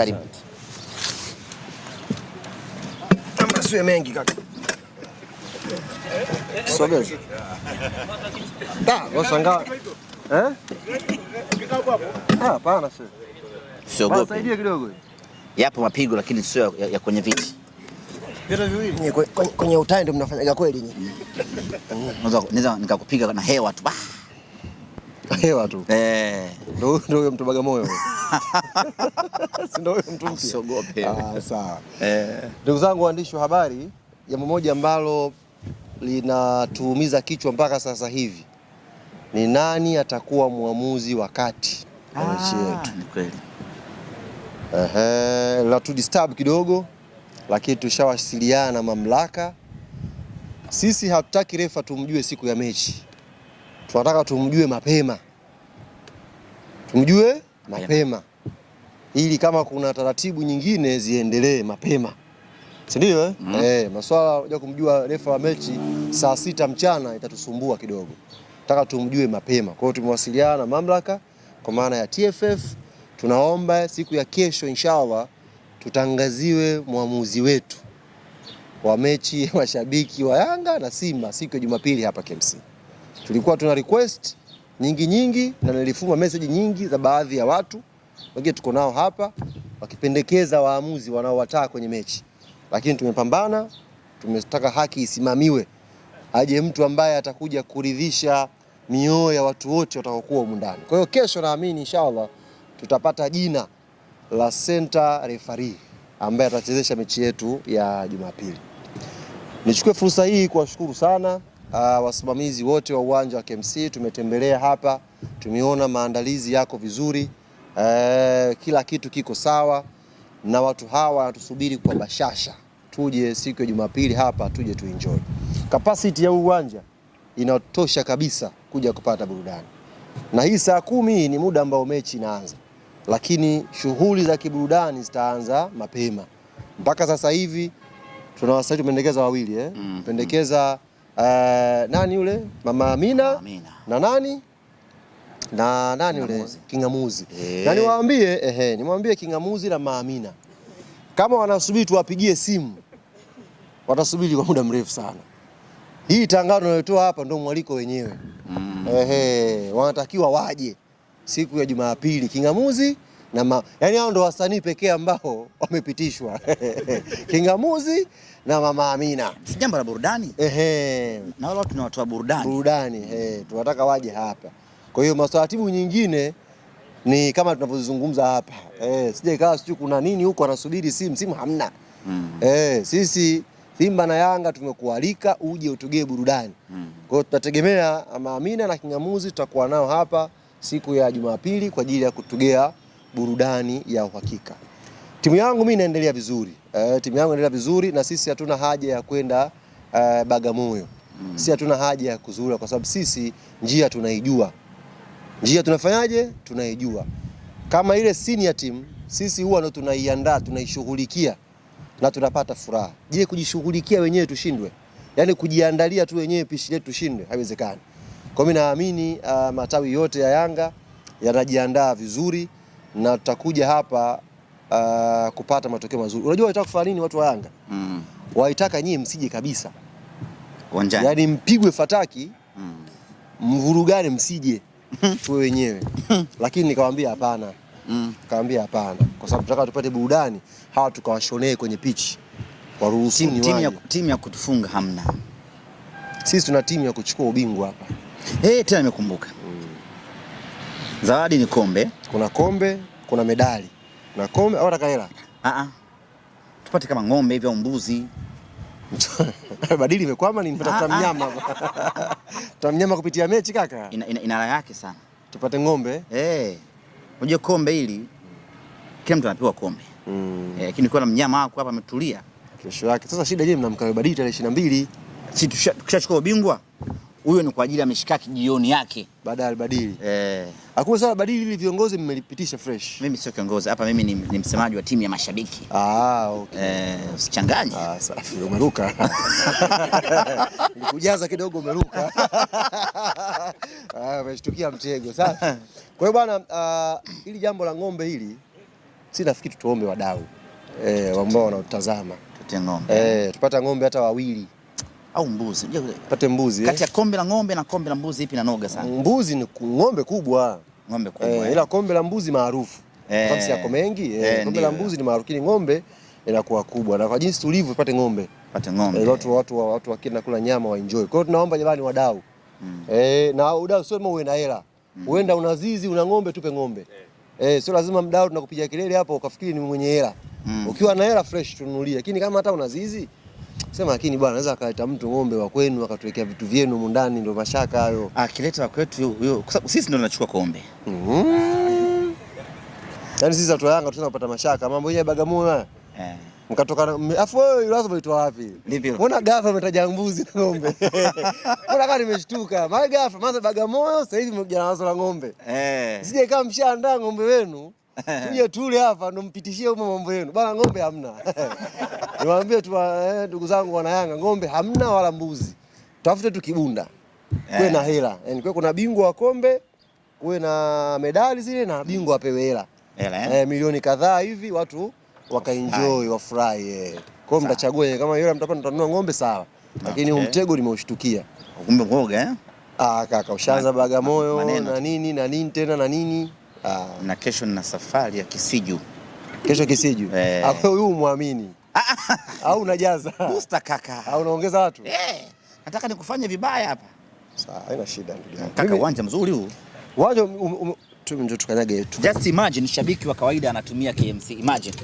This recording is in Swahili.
Karibu. Masuye mengi kaka. Sogeza. Da, wasanga. Eh? Ah, pana sio. gopi. Basi Saidia kidogo. Yapo mapigo lakini sio ya, kwenye viti. Kwenye utani ndio mnafanyaga kweli nyinyi. Mm. Naweza nikakupiga na hewa tu hewa tu eh, ndio huyo mtu Bagamoyo si ndio huyo mtu mpya. Usiogope. Ah, sawa. Eh. Ndugu zangu waandishi wa habari, jambo moja ambalo linatuumiza kichwa mpaka sasa hivi ni nani atakuwa mwamuzi wa kati wa mechi ah. yetu. Ni kweli tu kidogo, lakini tushawasiliana na mamlaka. Sisi hatutaki refa tumjue siku ya mechi tunataka tumjue mapema, tumjue mapema ili kama kuna taratibu nyingine ziendelee mapema, si ndio? Eh, mm. Eh, maswala ya kumjua refa wa mechi saa sita mchana itatusumbua kidogo, nataka tumjue mapema. Kwa hiyo tumewasiliana na mamlaka kwa maana ya TFF, tunaomba siku ya kesho inshallah tutangaziwe mwamuzi wetu wa mechi ya mashabiki wa Yanga na Simba siku ya Jumapili hapa KMC. Tulikuwa tuna request nyingi nyingi, na nilifuma message nyingi za baadhi ya watu wengine tuko nao hapa, wakipendekeza waamuzi wanaowataka kwenye mechi, lakini tumepambana, tumetaka haki isimamiwe, aje mtu ambaye atakuja kuridhisha mioyo ya watu wote watakokuwa humu ndani. Kwa hiyo kesho, naamini inshallah, tutapata jina la center referee ambaye atachezesha mechi yetu ya Jumapili. Nichukue fursa hii kuwashukuru sana Uh, wasimamizi wote wa uwanja wa KMC tumetembelea hapa, tumeona maandalizi yako vizuri. Uh, kila kitu kiko sawa na watu hawa wanatusubiri kwa bashasha, tuje siku ya Jumapili hapa tuje tuenjoy. Capacity ya uwanja inatosha kabisa kuja kupata burudani, na hii saa kumi ni muda ambao mechi inaanza, lakini shughuli za kiburudani zitaanza mapema. Mpaka sasa hivi tunawasaidia, tumependekeza wawili eh? mm -hmm. pendekeza uh, nani yule mama Amina, Amina na nani na nani yule Kingamuzi e. Na niwaambie ehe, nimwambie Kingamuzi na mama Amina kama wanasubiri tuwapigie simu, watasubiri kwa muda mrefu sana. Hii tangazo tunalotoa hapa ndio mwaliko wenyewe mm. Ehe, wanatakiwa waje siku ya Jumapili Kingamuzi na ma, yani hao ndo wasanii pekee ambao wamepitishwa Kingamuzi na Mama Amina. Si jambo la burudani ehe, na wala wa burudani burudani, eh, tunataka waje hapa. Kwa hiyo mastaratibu nyingine ni kama tunavyozungumza hapa eh, sije ikawa sijui kuna nini huko anasubiri simu simu, hamna mm. Eh, sisi Simba na Yanga tumekualika uje utugee burudani mm. Kwa hiyo tutategemea Mama Amina na Kingamuzi tutakuwa nao hapa siku ya Jumapili kwa ajili ya kutugea burudani ya uhakika. Timu yangu mimi inaendelea vizuri e, timu yangu inaendelea vizuri na sisi hatuna haja ya kwenda e, Bagamoyo mm. Sisi hatuna haja ya kuzuru kwa sababu sisi njia tunaijua, njia tunafanyaje, tunaijua. Kama ile senior team sisi huwa ndo tunaiandaa tunaishughulikia na tunapata furaha. Je, kujishughulikia wenyewe tushindwe? Yaani kujiandalia tu wenyewe pishi letu tushindwe? Haiwezekani. Kwa mimi naamini uh, matawi yote ya Yanga yanajiandaa vizuri na tutakuja hapa uh, kupata matokeo mazuri. Unajua walitaka kufanya nini watu wa Yanga? mm. Walitaka nyie msije kabisa uwanjani, yaani mpigwe fataki mm. mvurugane, msije tuwe wenyewe lakini nikamwambia hapana mm. nikamwambia hapana, kwa sababu tunataka tupate burudani, hawa tukawashonee kwenye pichi, waruhusuni timu ya, timu ya kutufunga hamna. Sisi tuna timu ya kuchukua ubingwa hapa. Eh, hey, tena nimekumbuka Zawadi ni kombe. Kuna kombe, kuna medali. Kuna kombe au nataka hela? Ah ah. Tupate kama ng'ombe hivi au mbuzi. Badili imekwama ni ah, Tutafuta mnyama ah. hapa. kupitia mechi kaka. Ina ina, ina raha yake sana. Tupate ng'ombe. Eh. Unajua kombe hili kila mtu anapewa kombe. Mm. Eh, lakini kwa na mnyama wako hapa ametulia. Kesho yake. Sasa shida je, mnamkawe badili tarehe 22. Si tukishachukua ubingwa huyo ni kwa ajili ya mishikaki jioni yake baada ya albadili. Eh. Hakuna sala badili ili viongozi mmelipitisha fresh. Mimi sio kiongozi hapa, mimi ni, ni msemaji wa timu ya mashabiki. Ah, okay. Eh, usichanganye. Ah, safi. Umeruka. Nikujaza kidogo umeruka. Ah, umeshtukia mtego. Sasa. Kwa hiyo bwana, uh, hili jambo la ng'ombe hili si nafikiri tuombe wadau eh, ambao wanaotazama. Tutie ng'ombe. Eh, tupata ng'ombe hata wawili au mbuzi? Pate mbuzi. Kati ya eh? kombe la ng'ombe na kombe la mbuzi ipi inanoga sana? Mbuzi ni ng'ombe kubwa. Ng'ombe kubwa. Eh, eh, ila kombe la mbuzi maarufu. Eh, kwa sababu eh. yako mengi, eh, eh, kombe la mbuzi ni maarufu, lakini ng'ombe inakuwa kubwa. Na kwa jinsi tulivyo pate ng'ombe. Pate ng'ombe. Eh, watu watu watu wakina wa kula nyama wa enjoy. Kwa hiyo tunaomba jamani wadau. Mm. Eh, na wadau sio mwe na hela. Mm. Huenda mm. unazizi una ng'ombe tupe ng'ombe. Eh, eh sio lazima mdau tunakupigia kelele hapo ukafikiri ni mwenye hela. Mm. Ukiwa na hela fresh tununulie. Lakini kama hata unazizi Sema lakini bwana, anaweza akaleta mtu ng'ombe wa kwenu akatuwekea vitu vyenu mundani, ndio mashaka hayo. Akileta wa kwetu huyo, kwa sababu sisi ndio tunachukua kombe. Mm. Yaani sisi watu Yanga tunaweza kupata mashaka mambo yenyewe Bagamoyo. Eh. Mkatoka na afu wewe ulazo lazima wapi? wapi? Mbona gafa umetaja mbuzi na ng'ombe? Mbona kama nimeshtuka. Maana gafa maana Bagamoyo sasa hivi mmekuja na wazo la ng'ombe. Eh. Sije kama mshaandaa ng'ombe wenu. tuje tule hapa ndo mpitishie huko mambo yenu bana. Ng'ombe hamna niwaambie tu eh, ndugu eh, zangu wana Yanga, ng'ombe hamna wala mbuzi, tafute tu kibunda kuwe eh. na hela yani, kuwe kuna bingwa wa kombe kuwe na medali zile na bingwa apewe hela eh? eh, milioni kadhaa hivi watu wakaenjoy wafurahi eh. Kwa hiyo mtachagua kama yule mtapata, mtanunua ng'ombe sawa, lakini okay. Umtego nimeushtukia kumbe ngoga eh? Ah kaka, ushaanza Bagamoyo na nini na nini tena na nini ah. na kesho nina safari ya Kisiju. Kesho Kisiju eh. Ah, huyu umwamini ah. au unajaza busta kaka au ah, unaongeza watu eh. Nataka nikufanye vibaya hapa. Sawa, haina shida ndugu yangu. Kaka, uwanja mzuri huu uwanja um, um, um, ndio tukanyage yetu. Just imagine shabiki wa kawaida anatumia KMC imagine